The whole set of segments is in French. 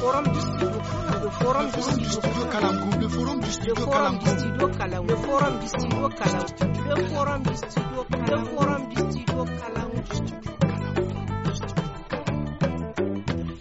forum du studio le forum du studio Kalamkou le forum du studio Kalangu. le forum du studio Kalangu. le forum du studio Kalangu. le forum du studio Kalangu.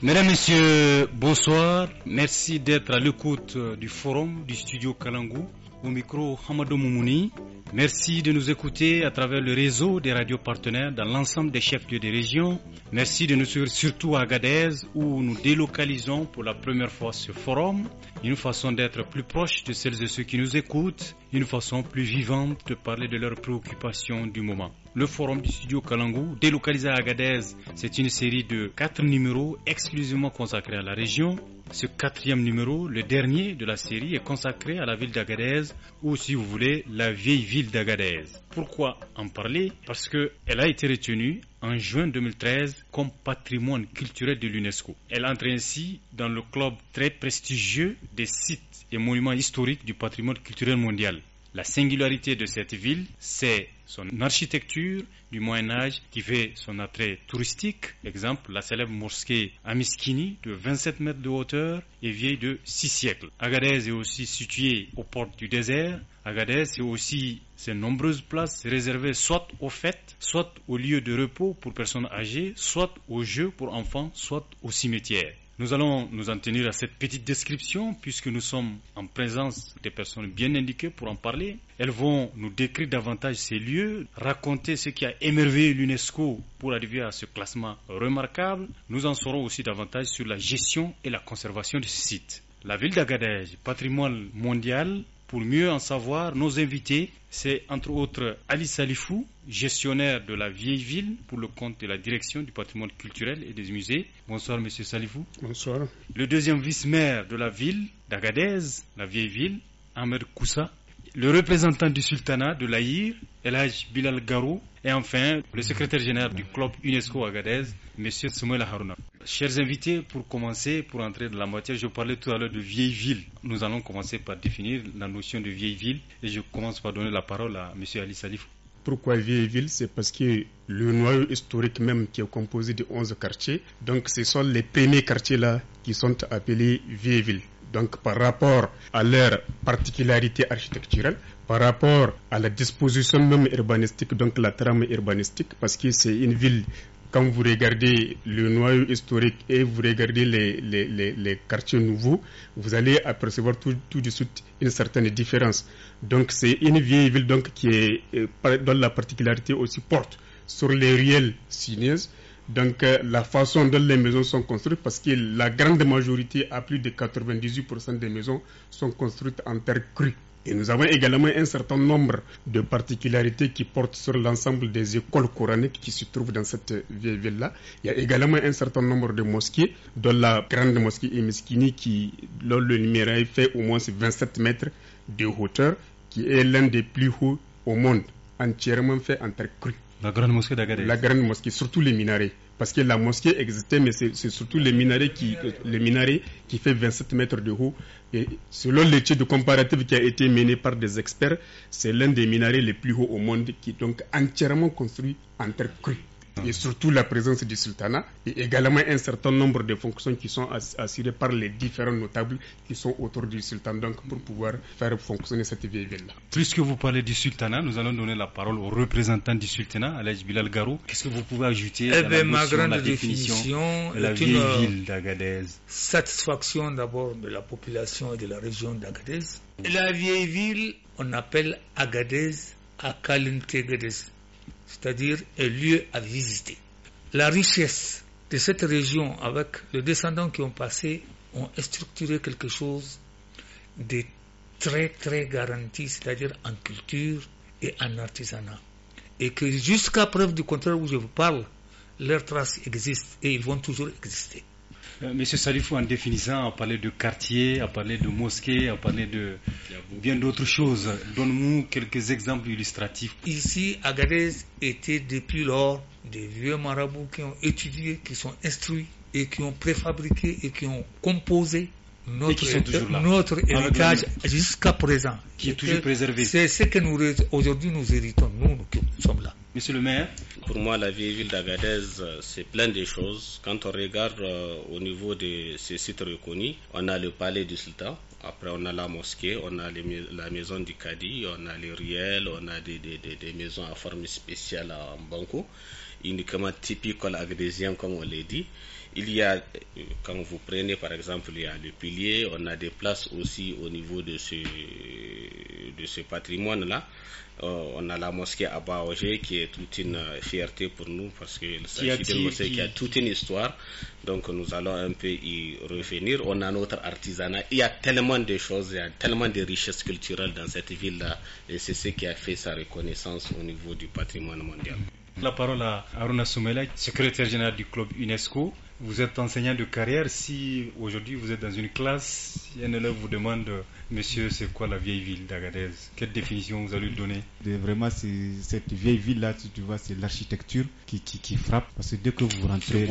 Mesdames, Messieurs, bonsoir. Merci d'être à l'écoute du forum du studio Kalangou au micro, Hamadou Moumouni. Merci de nous écouter à travers le réseau des radios partenaires dans l'ensemble des chefs-lieux des régions. Merci de nous suivre surtout à Agadez où nous délocalisons pour la première fois ce forum, une façon d'être plus proche de celles et ceux qui nous écoutent une façon plus vivante de parler de leurs préoccupations du moment. Le forum du studio Kalangou, délocalisé à Agadez, c'est une série de quatre numéros exclusivement consacrés à la région. Ce quatrième numéro, le dernier de la série, est consacré à la ville d'Agadez, ou si vous voulez, la vieille ville d'Agadez. Pourquoi en parler Parce qu'elle a été retenue en juin 2013 comme patrimoine culturel de l'UNESCO. Elle entre ainsi dans le club très prestigieux des sites et monuments historique du patrimoine culturel mondial. La singularité de cette ville, c'est son architecture du Moyen Âge qui fait son attrait touristique. Exemple, la célèbre mosquée Amiskini de 27 mètres de hauteur et vieille de 6 siècles. Agadez est aussi située aux portes du désert. Agadez est aussi ses nombreuses places réservées soit aux fêtes, soit aux lieux de repos pour personnes âgées, soit aux jeux pour enfants, soit aux cimetières. Nous allons nous en tenir à cette petite description puisque nous sommes en présence des personnes bien indiquées pour en parler. Elles vont nous décrire davantage ces lieux, raconter ce qui a émerveillé l'UNESCO pour arriver à ce classement remarquable. Nous en saurons aussi davantage sur la gestion et la conservation de ce site. La ville d'Agadez, patrimoine mondial, pour mieux en savoir, nos invités, c'est entre autres Ali Salifou, gestionnaire de la vieille ville pour le compte de la direction du patrimoine culturel et des musées. Bonsoir Monsieur Salifou. Bonsoir. Le deuxième vice-maire de la ville d'Agadez, la vieille ville, Ahmed Koussa le représentant du sultanat de l'Aïr, Elhaj Bilal Garou, et enfin le secrétaire général du club UNESCO Agadez, M. Samuel Haruna Chers invités, pour commencer, pour entrer dans la matière, je parlais tout à l'heure de vieille ville. Nous allons commencer par définir la notion de vieille ville et je commence par donner la parole à M. Ali Salif. Pourquoi vieille ville C'est parce que le noyau historique même qui est composé de 11 quartiers, donc ce sont les premiers quartiers là qui sont appelés vieille ville donc par rapport à leur particularité architecturale, par rapport à la disposition même urbanistique, donc la trame urbanistique, parce que c'est une ville quand vous regardez le noyau historique et vous regardez les, les, quartiers nouveaux, vous allez apercevoir tout, tout, de suite une certaine différence. Donc c'est une vieille ville donc, qui est, euh, dont la particularité aussi porte sur les réels chinoises. Donc euh, la façon dont les maisons sont construites, parce que la grande majorité, à plus de 98% des maisons, sont construites en terre crue. Et nous avons également un certain nombre de particularités qui portent sur l'ensemble des écoles coraniques qui se trouvent dans cette vieille ville-là. Il y a également un certain nombre de mosquées, dont la grande mosquée Emeskini, qui, dont le numéraire fait au moins 27 mètres de hauteur, qui est l'un des plus hauts au monde, entièrement fait en terre crue. La grande mosquée La grande mosquée, surtout les minarets. Parce que la mosquée existait, mais c'est surtout les minarets qui, les minarets qui fait 27 mètres de haut. Et selon l'étude comparative qui a été menée par des experts, c'est l'un des minarets les plus hauts au monde qui est donc entièrement construit en terre crue et surtout la présence du sultanat et également un certain nombre de fonctions qui sont assurées par les différents notables qui sont autour du sultan donc pour pouvoir faire fonctionner cette vieille ville-là. Puisque vous parlez du sultanat, nous allons donner la parole au représentant du sultanat, Alej Bilal Garou. Qu'est-ce que vous pouvez ajouter eh à la, ma grande la définition, de la vieille euh, ville d'Agadez Satisfaction d'abord de la population et de la région d'Agadez. La vieille ville, on appelle Agadez Kalintegadez c'est-à-dire un lieu à visiter. La richesse de cette région avec les descendants qui ont passé ont structuré quelque chose de très très garanti, c'est-à-dire en culture et en artisanat. Et que jusqu'à preuve du contraire où je vous parle, leurs traces existent et ils vont toujours exister. Euh, Monsieur Salifou, en définissant, a parlé de quartier, a parlé de mosquée, a parlé de bien d'autres choses. donne moi quelques exemples illustratifs. Ici, Agadez était depuis lors des vieux marabouts qui ont étudié, qui sont instruits et qui ont préfabriqué et qui ont composé notre, héritage jusqu'à présent. Qui est toujours préservé. C'est ce que nous, aujourd'hui, nous héritons, nous, nous sommes là. Monsieur le maire Pour moi, la vieille ville d'Agadez, euh, c'est plein de choses. Quand on regarde euh, au niveau de ces sites reconnus, on a le palais du sultan, après, on a la mosquée, on a la maison du Cadi, on a les ruelles, on a des, maisons à forme spéciale en banco, uniquement typique agadésien, comme on l'a dit. Il y a, euh, quand vous prenez par exemple, il y a le pilier, on a des places aussi au niveau de ce, de ce patrimoine-là. Euh, on a la mosquée à Baogé qui est toute une euh, fierté pour nous parce qu'il s'agit mosquée qui a toute une histoire. Donc nous allons un peu y revenir. On a notre artisanat. Il y a tellement de choses, il y a tellement de richesses culturelles dans cette ville-là et c'est ce qui a fait sa reconnaissance au niveau du patrimoine mondial. La parole à Aruna Soumela, secrétaire général du club UNESCO. Vous êtes enseignant de carrière. Si aujourd'hui vous êtes dans une classe, un élève vous demande, monsieur, c'est quoi la vieille ville d'Agadez Quelle définition vous allez lui donner Vraiment, cette vieille ville-là, tu vois, c'est l'architecture qui, qui, frappe. Parce que dès que vous rentrez,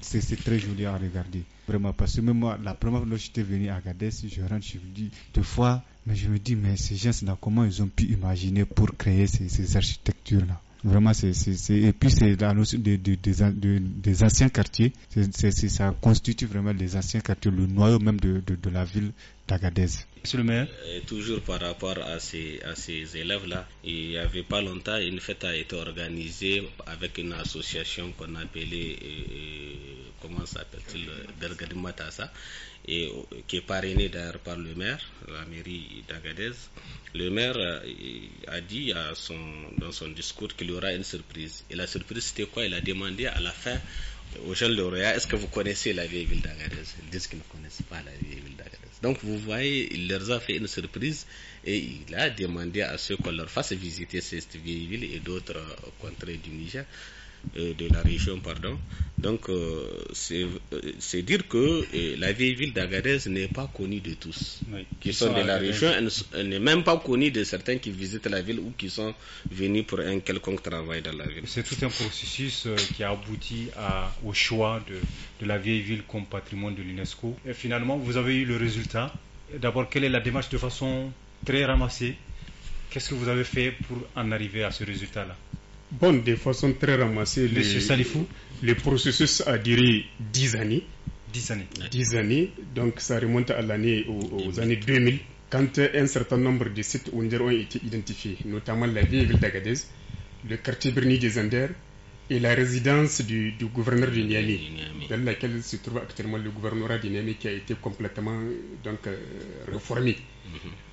c'est très joli à regarder. Vraiment, parce que même moi, la première fois que j'étais venu à Agadez, je rentre, je me dis, deux fois, mais je me dis, mais ces gens comment ils ont pu imaginer pour créer ces architectures-là Vraiment, c'est, et puis c'est la notion des anciens quartiers. C'est, ça constitue vraiment les anciens quartiers, le noyau même de, la ville d'Agadez. Monsieur le maire Toujours par rapport à ces, élèves-là, il n'y avait pas longtemps, une fête a été organisée avec une association qu'on appelait, euh, euh, comment s'appelle-t-il, Gargadi Matassa, et, euh, qui est parrainée d'ailleurs par le maire, la mairie d'Agadez. Le maire euh, a dit dans son discours qu'il y aura une surprise. Et la surprise, c'était quoi Il a demandé à la fin aux jeunes lauréats est-ce que vous connaissez la vieille ville d'Agadez Ils disent qu'ils ne connaissent pas la vieille ville d'Agadez. Donc, vous voyez, il leur a fait une surprise et il a demandé à ceux qu'on leur fasse visiter cette vieille ville et d'autres euh, contrées du Niger euh, de la région, pardon. Donc, euh, euh, c'est dire que la vieille ville d'Agadez n'est pas connue de tous qui, sont, de la région. Elle, n'est même pas connue de certains qui visitent la ville ou qui sont venus pour un quelconque travail dans la ville. C'est tout un processus qui a abouti au choix de, de la vieille ville comme patrimoine de l'UNESCO. Et finalement, vous avez eu le résultat. D'abord, quelle est la démarche de façon très ramassée Qu'est-ce que vous avez fait pour en arriver à ce résultat-là bon, de façon très ramassée, le, Salifou. le processus a duré 10 années. 10 années. donc ça remonte à l'année, aux, années 2000, quand un certain nombre de sites ont été identifiés, notamment la ville d'Agadez, le quartier bruni des Anders, et la résidence du, gouverneur du Niamey, dans laquelle se trouve actuellement le gouvernorat du Niamey qui a été complètement donc, euh, mhm.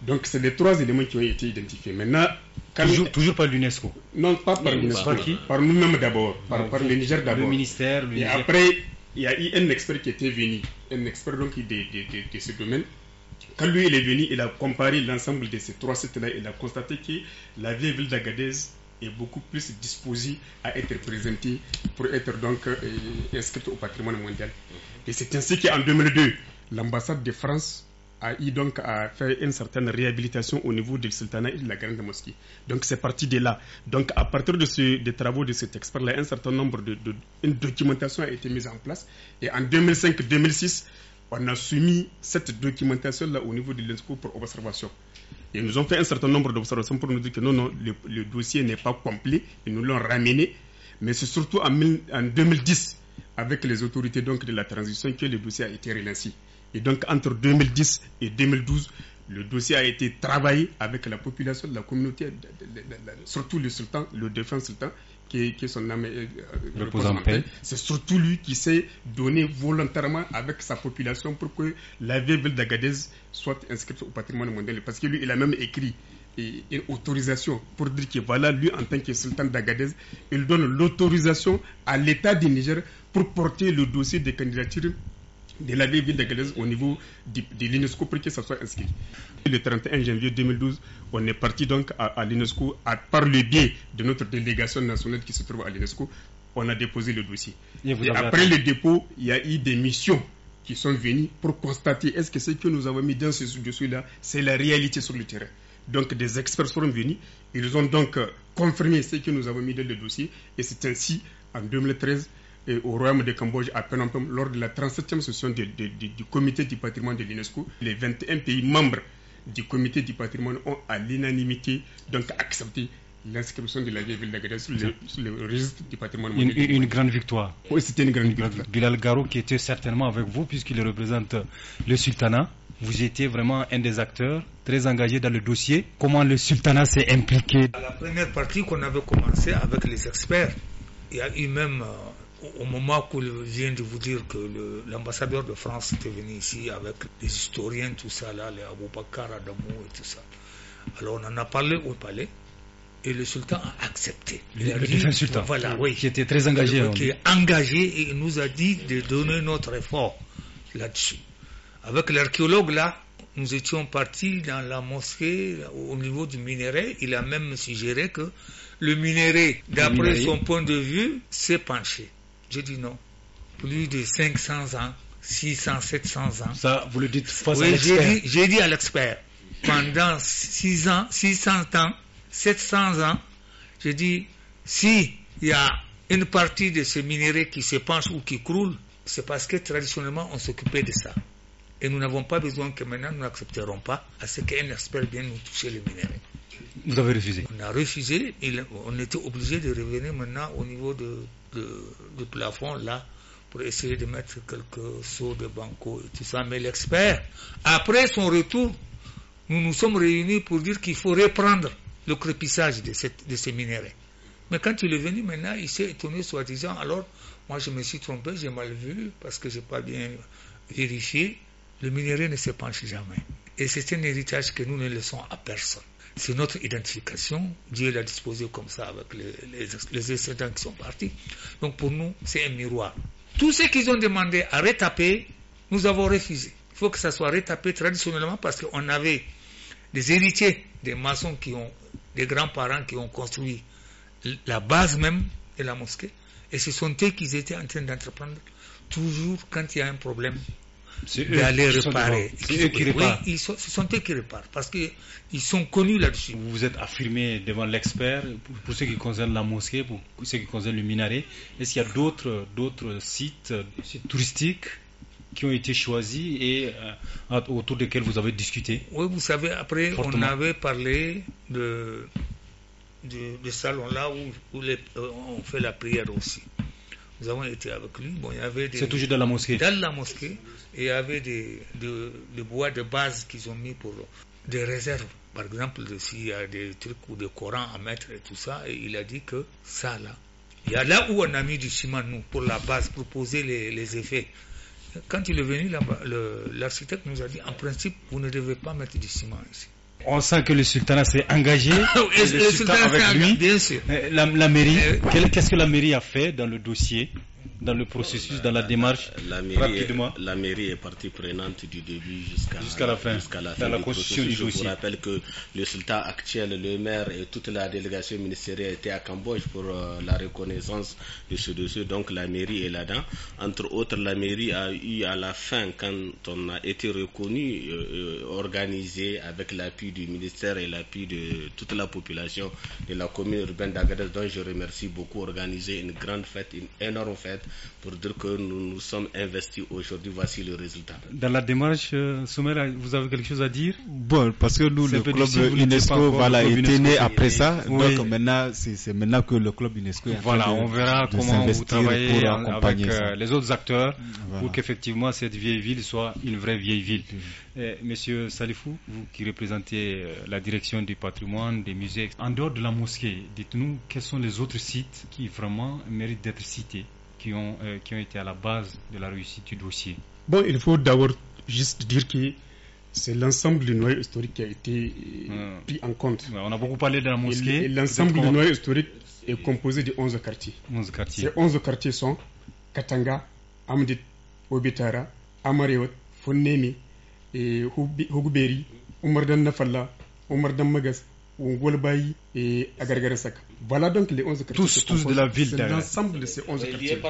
Donc, c'est les trois éléments qui ont été identifiés. Maintenant, toujours, par l'UNESCO Non, pas par l'UNESCO. Par qui Par nous-mêmes d'abord, par, par, le Niger d'abord. Le ministère, Et après, il y a eu un expert qui était venu, un expert donc de, de, ce domaine, quand lui il est venu, il a comparé l'ensemble de ces trois sites-là, et il a constaté que la vieille ville d'Agadez est beaucoup plus disposée à être présentée pour être donc euh, au patrimoine mondial. Mhm. Et c'est ainsi qu'en 2002, l'ambassade de France a eu donc à faire une certaine réhabilitation au niveau du sultanat et de la grande mosquée. Donc c'est parti de là. Donc à partir de des travaux de cet expert-là, un certain nombre de, de une documentation a été mise en place. Et en 2005-2006, on a soumis cette documentation-là au niveau de l'UNESCO pour observation. Et nous ont fait un certain nombre d'observations pour nous dire que non, non, le, dossier n'est pas complet. Et nous l'ont ramené. Mais c'est surtout en, 2010, avec les autorités donc, de la transition, que le dossier a été relancé. Et donc, entre 2010 et 2012, le dossier a été travaillé avec la population, la communauté, surtout le sultan, le défunt sultan, son c'est surtout lui qui s'est donné volontairement avec sa population pour que la ville d'Agadez soit inscrite au patrimoine mondial. Parce que lui, il a même écrit une autorisation pour dire que voilà, lui, en tant que sultan d'Agadez, il donne l'autorisation à l'État du Niger pour porter le dossier de candidature de la ville d'Agadez au niveau de, de l'UNESCO pour que ça soit inscrit. Le 31 janvier 2012, on est parti donc à, à l'UNESCO, par le biais de notre délégation nationale qui se trouve à l'UNESCO, on a déposé le dossier. après le dépôt, il y a eu des missions qui sont venues pour constater est-ce que ce que nous avons mis dans ce dossier-là, c'est la réalité sur le terrain. Donc des experts sont venus, ils ont donc euh, confirmé ce que nous avons mis dans le dossier et c'est ainsi en 2013 euh, au Royaume de Cambodge à Phnom Penh lors de la 37e session du comité du patrimoine de l'UNESCO, les 21 pays membres du comité du patrimoine ont à l'unanimité donc accepté l'inscription de la vieille ville d'Agadez sur, sur, le registre du patrimoine mondial. Une, grande victoire. Oui, c'était une grande victoire. Bilal Garou qui était certainement avec vous puisqu'il représente le sultanat. Vous étiez vraiment un des acteurs très engagés dans le dossier. Comment le sultanat s'est impliqué la première partie qu'on avait commencé avec les experts, il y a eu même euh, au moment où je viens de vous dire que l'ambassadeur de France était venu ici avec les historiens, tout ça, là, les Aboubakar, Adamou et tout ça. Alors on en a parlé au palais et le sultan a accepté. le, voilà, qui, était très engagé. qui est engagé et nous a dit de donner notre effort là-dessus. Avec l'archéologue là, nous étions partis dans la mosquée au niveau du minerai. Il a même suggéré que le minerai, d'après son point de vue, s'est penché. J'ai dit non. Plus de 500 ans, 600, 700 ans. Ça, vous le dites face à l'expert. J'ai dit, j'ai dit à l'expert. Pendant 6 ans, 600 ans, 700 ans, j'ai dit, si il y a une partie de ce minéraux qui se penche ou qui croule, c'est parce que traditionnellement on s'occupait de ça. Et nous n'avons pas besoin que maintenant nous n'accepterons pas à ce qu'un expert vienne nous toucher le minerai. Vous avez refusé. On a refusé, on était obligé de revenir maintenant au niveau de de, du plafond là pour essayer de mettre quelques sauts de banco et tout ça. Mais l'expert, après son retour, nous nous sommes réunis pour dire qu'il faut reprendre le crépissage de, de ces minéraux. Mais quand il est venu maintenant, il s'est étonné soi-disant, alors moi je me suis trompé, j'ai mal vu parce que j'ai pas bien vérifié. Le minerai ne se penche jamais. Et c'est un héritage que nous ne laissons à personne. C'est notre identification. Dieu l'a disposé comme ça avec les, les, les qui sont partis. Donc pour nous, c'est un miroir. Tout ce qu'ils ont demandé à retaper, nous avons refusé. Il faut que ça soit retapé traditionnellement parce qu'on avait des héritiers, des maçons qui ont, des grands-parents qui ont construit la base même de la mosquée. Et ce sont eux qui étaient en train d'entreprendre toujours quand il y a un problème d'aller réparer. ils sont, ce sont eux qui réparent parce qu'ils sont connus là-dessus. Vous vous êtes affirmé devant l'expert pour, ce qui concerne la mosquée, pour ce qui concerne le minaret. Est-ce qu'il y a d'autres sites, euh, sites touristiques qui ont été choisis et euh, autour desquels vous avez discuté Oui, vous savez, après, on avait parlé de, de, salon là où, euh, on fait la prière aussi avons été avec lui. il y avait C'est toujours dans la mosquée. Dans la mosquée, et il y avait des, des bois de base qu'ils ont mis pour des réserves. Par exemple, s'il y a des trucs ou des Corans à mettre et tout ça, et il a dit que ça là, il y a là où on a mis du ciment nous pour la base, pour poser les, les effets. Quand il est venu l'architecte nous a dit en principe, vous ne devez pas mettre du ciment ici on sent que le sultanat s'est engagé. le, avec lui. la, mairie, euh, qu'est-ce que la mairie a fait dans le dossier dans le processus, dans la démarche la, mairie Est, la mairie est partie prenante du début jusqu'à la fin, jusqu'à la fin Je vous rappelle que le sultan actuel, le maire et toute la délégation ministérielle étaient à Cambodge pour euh, la reconnaissance de ce dossier. Donc la mairie est là-dedans. Entre autres, la mairie a eu à la fin, quand on a été reconnu, euh, euh, organisé avec l'appui du ministère et l'appui de toute la population de la commune urbaine d'Agadez, dont je remercie beaucoup, organisé une grande fête, une énorme fête pour dire que nous nous sommes investis aujourd'hui. Voici le résultat. Dans la démarche, euh, Soumer, vous avez quelque chose à dire Bon, parce que nous, le club UNESCO, voilà, était né après ça. Donc maintenant, c'est maintenant que le club UNESCO. Est voilà, on verra de comment vous travaillez avec euh, les autres acteurs pour qu'effectivement cette vieille ville soit une vraie vieille ville. Euh, monsieur Salifou, vous qui représentez la direction du patrimoine, des musées, en dehors de la mosquée, dites-nous quels sont les autres sites qui vraiment méritent d'être cités qui ont, euh, qui ont été à la base de la réussite du dossier Bon, il faut d'abord juste dire que c'est l'ensemble du noyau historique qui a été euh, ah. pris en compte. on a beaucoup parlé de la mosquée. L'ensemble du noyau historique est composé de 11 quartiers. 11 quartiers. Ces 11 quartiers sont Katanga, Amdit, Obitara, amariot Fonemi, Huguberi, Omar Dan Nafalla, Omar Dan Magas, Ngolbaï et Agargaresak. Voilà donc les 11 quartiers. Tous, tous de la ville L'ensemble de ces 11 quartiers.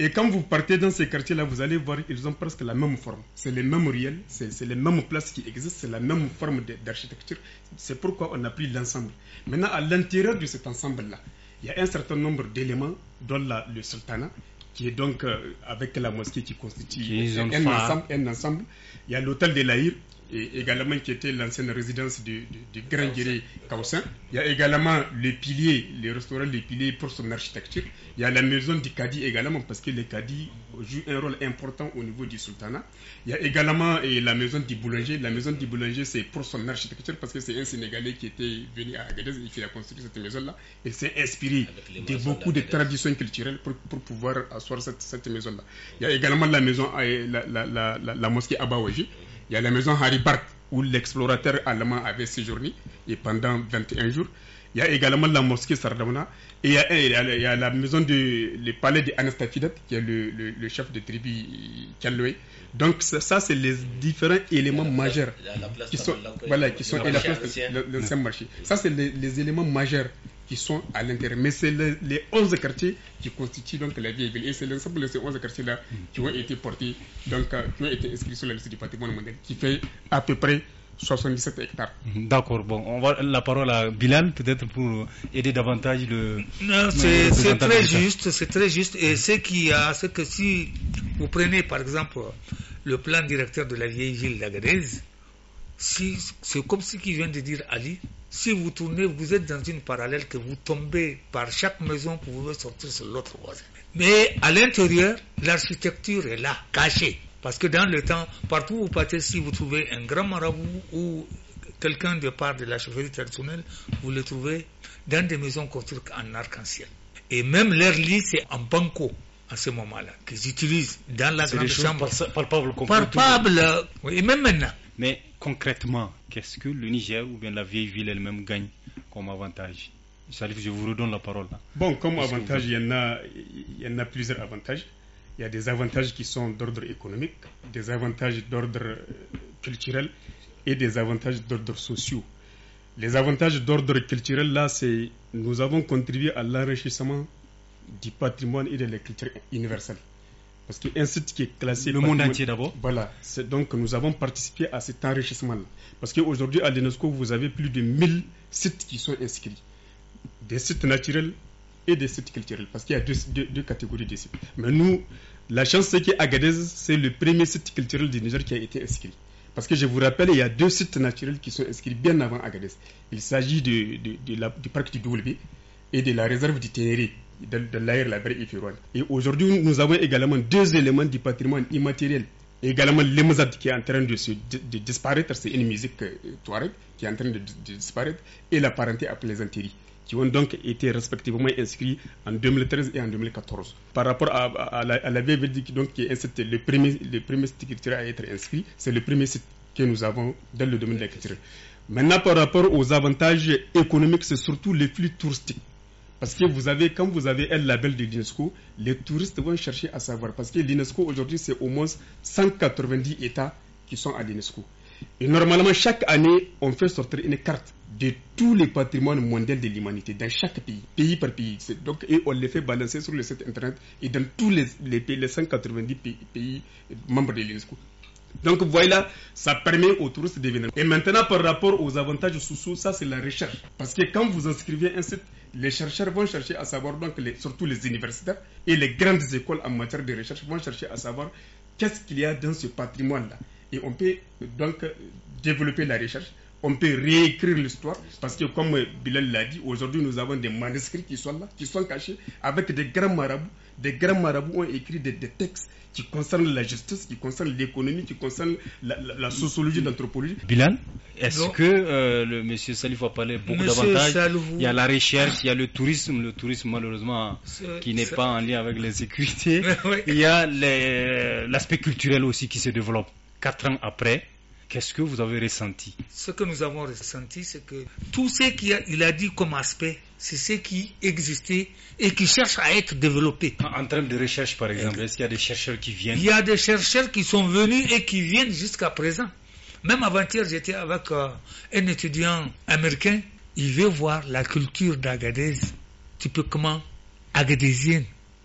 et quand vous partez dans ces quartiers-là, vous allez voir, ils ont presque la même forme. C'est les mêmes riels, c'est les mêmes places qui existent, c'est la même forme d'architecture. C'est pourquoi on a pris l'ensemble. Maintenant, à l'intérieur de cet ensemble-là, il y a un certain nombre d'éléments, dont le sultanat, qui est donc euh, avec la mosquée qui constitue un, ensemble, un, ensemble, Il y a l'hôtel de l'Aïr et également qui était l'ancienne résidence de, Grand Guéré Caussin Il y a également le pilier, le restaurant Le Pilier pour son architecture. Il y a la maison du Cadi également parce que le Cadi joue un rôle important au niveau du sultanat. Il y a également eh, la maison du boulanger. La maison du boulanger, c'est pour son architecture parce que c'est un Sénégalais qui était venu à Agadez et qui a construit cette maison-là. Il s'est inspiré de beaucoup de traditions culturelles pour, pouvoir asseoir cette, maison-là. Il y a également la maison, eh, la, la, la mosquée Abawaji il y a la maison Harry Park où l'explorateur allemand avait séjourné et pendant 21 jours. Il y a également la mosquée sardona et il y a, la maison du le palais d'Anastafidat qui est le, chef de tribu Kalloué. Donc ça, c'est les différents éléments majeurs qui sont, voilà, qui sont la place de l'ancien marché. Ça, c'est les éléments majeurs qui sont à l'intérieur. Mais c'est les 11 quartiers qui constituent donc la vieille ville. Et c'est l'ensemble de ces 11 quartiers-là qui ont été portés, donc euh, qui ont été inscrits sur la liste du patrimoine mondial, qui fait à peu près 77 hectares. D'accord, bon, on va la parole à Bilal peut-être pour aider davantage le. Non, c'est très juste, c'est très juste. Et ce qui a, c'est que si vous prenez par exemple le plan directeur de la vieille ville d'Agadez, c'est comme ce qu'il vient de dire Ali, si vous tournez, vous êtes dans une parallèle que vous tombez par chaque maison, pour vous sortir sur l'autre voisin. Mais à l'intérieur, l'architecture est là, cachée. Parce que dans le temps, partout où vous partez, si vous trouvez un grand marabout ou quelqu'un de part de la chefferie traditionnelle, vous le trouvez dans des maisons construites en arc-en-ciel. Et même leur lit, c'est en banco à ce moment-là, qu'ils utilisent dans la grande chambre. Palpable, Par palpable. et même maintenant. Mais concrètement, qu'est-ce que le Niger ou bien la vieille ville elle-même gagne comme avantage Salif, je vous redonne la parole. Bon, comme avantage, il, y en a, il y en a plusieurs avantages. Il y a des avantages qui sont d'ordre économique, des avantages d'ordre euh, culturel et des avantages d'ordre sociaux. Les avantages d'ordre culturel, là, c'est nous avons contribué à l'enrichissement du patrimoine et de la culture universelle. Parce qu'un site qui est classé. Le monde entier d'abord. Voilà. Donc nous avons participé à cet enrichissement-là. Parce qu'aujourd'hui, à l'UNESCO, vous avez plus de 1000 sites qui sont inscrits. Des sites naturels et des sites culturels. Parce qu'il y a deux, deux, catégories de sites. Mais nous, la chance, c'est qu'Agadez, c'est le premier site culturel du Niger qui a été inscrit. Parce que je vous rappelle, il y a deux sites naturels qui sont inscrits bien avant Agadez. Il s'agit du de, de, parc du Doulebé et de la réserve du Ténéré de, l'air, la vraie Et aujourd'hui, nous avons également deux éléments du patrimoine immatériel. Également, les qui est en train de, disparaître, c'est une musique euh, touareg qui est en train de, disparaître, et la parenté à plaisanterie qui ont donc été respectivement inscrits en 2013 et en 2014. Par rapport à, la, à la VVD, donc, qui est le premier, le premier site culturel à être inscrit, c'est le premier site que nous avons dans le domaine de la culture. Maintenant, par rapport aux avantages économiques, c'est surtout les flux touristiques parce que vous avez, quand vous avez un label de l'UNESCO, les touristes vont chercher à savoir. Parce que l'UNESCO, aujourd'hui, c'est au moins 190 États qui sont à l'UNESCO. Et normalement, chaque année, on fait sortir une carte de tous les patrimoines mondiaux de l'humanité, dans chaque pays, pays par pays. Donc, et on les fait balancer sur le site Internet et dans tous les, pays, les 190 pays membres de l'UNESCO. Donc voilà, ça permet aux touristes de venir. Et maintenant, par rapport aux avantages sous sous, ça c'est la recherche. Parce que quand vous inscrivez un site, les chercheurs vont chercher à savoir, donc surtout les universitaires et les grandes écoles en matière de recherche vont chercher à savoir qu'est-ce qu'il y a dans ce patrimoine-là. Et on peut donc euh, développer la recherche on peut réécrire l'histoire parce que, comme euh, Bilal l'a dit, aujourd'hui nous avons des manuscrits qui sont là, qui sont cachés avec des grands marabouts. Des grands marabouts ont écrit des, textes qui concernent la justice, qui concernent l'économie, qui concernent la, sociologie, l'anthropologie. Bilal, est-ce que euh, le monsieur Salif va parler beaucoup davantage Il y a la recherche, il y a le tourisme, le tourisme malheureusement qui n'est pas en lien avec les sécurités. Il y a l'aspect culturel aussi qui se développe quatre ans après. Qu'est-ce que vous avez ressenti Ce que nous avons ressenti, c'est que tout ce qu'il a, dit comme aspect, c'est ce qui existait et qui cherche à être développé. En, train termes de recherche, par exemple, est-ce qu'il y a des chercheurs qui viennent Il y a des chercheurs qui sont venus et qui viennent jusqu'à présent. Même avant-hier, j'étais avec euh, un étudiant américain. Il veut voir la culture d'Agadez, typiquement agadésienne.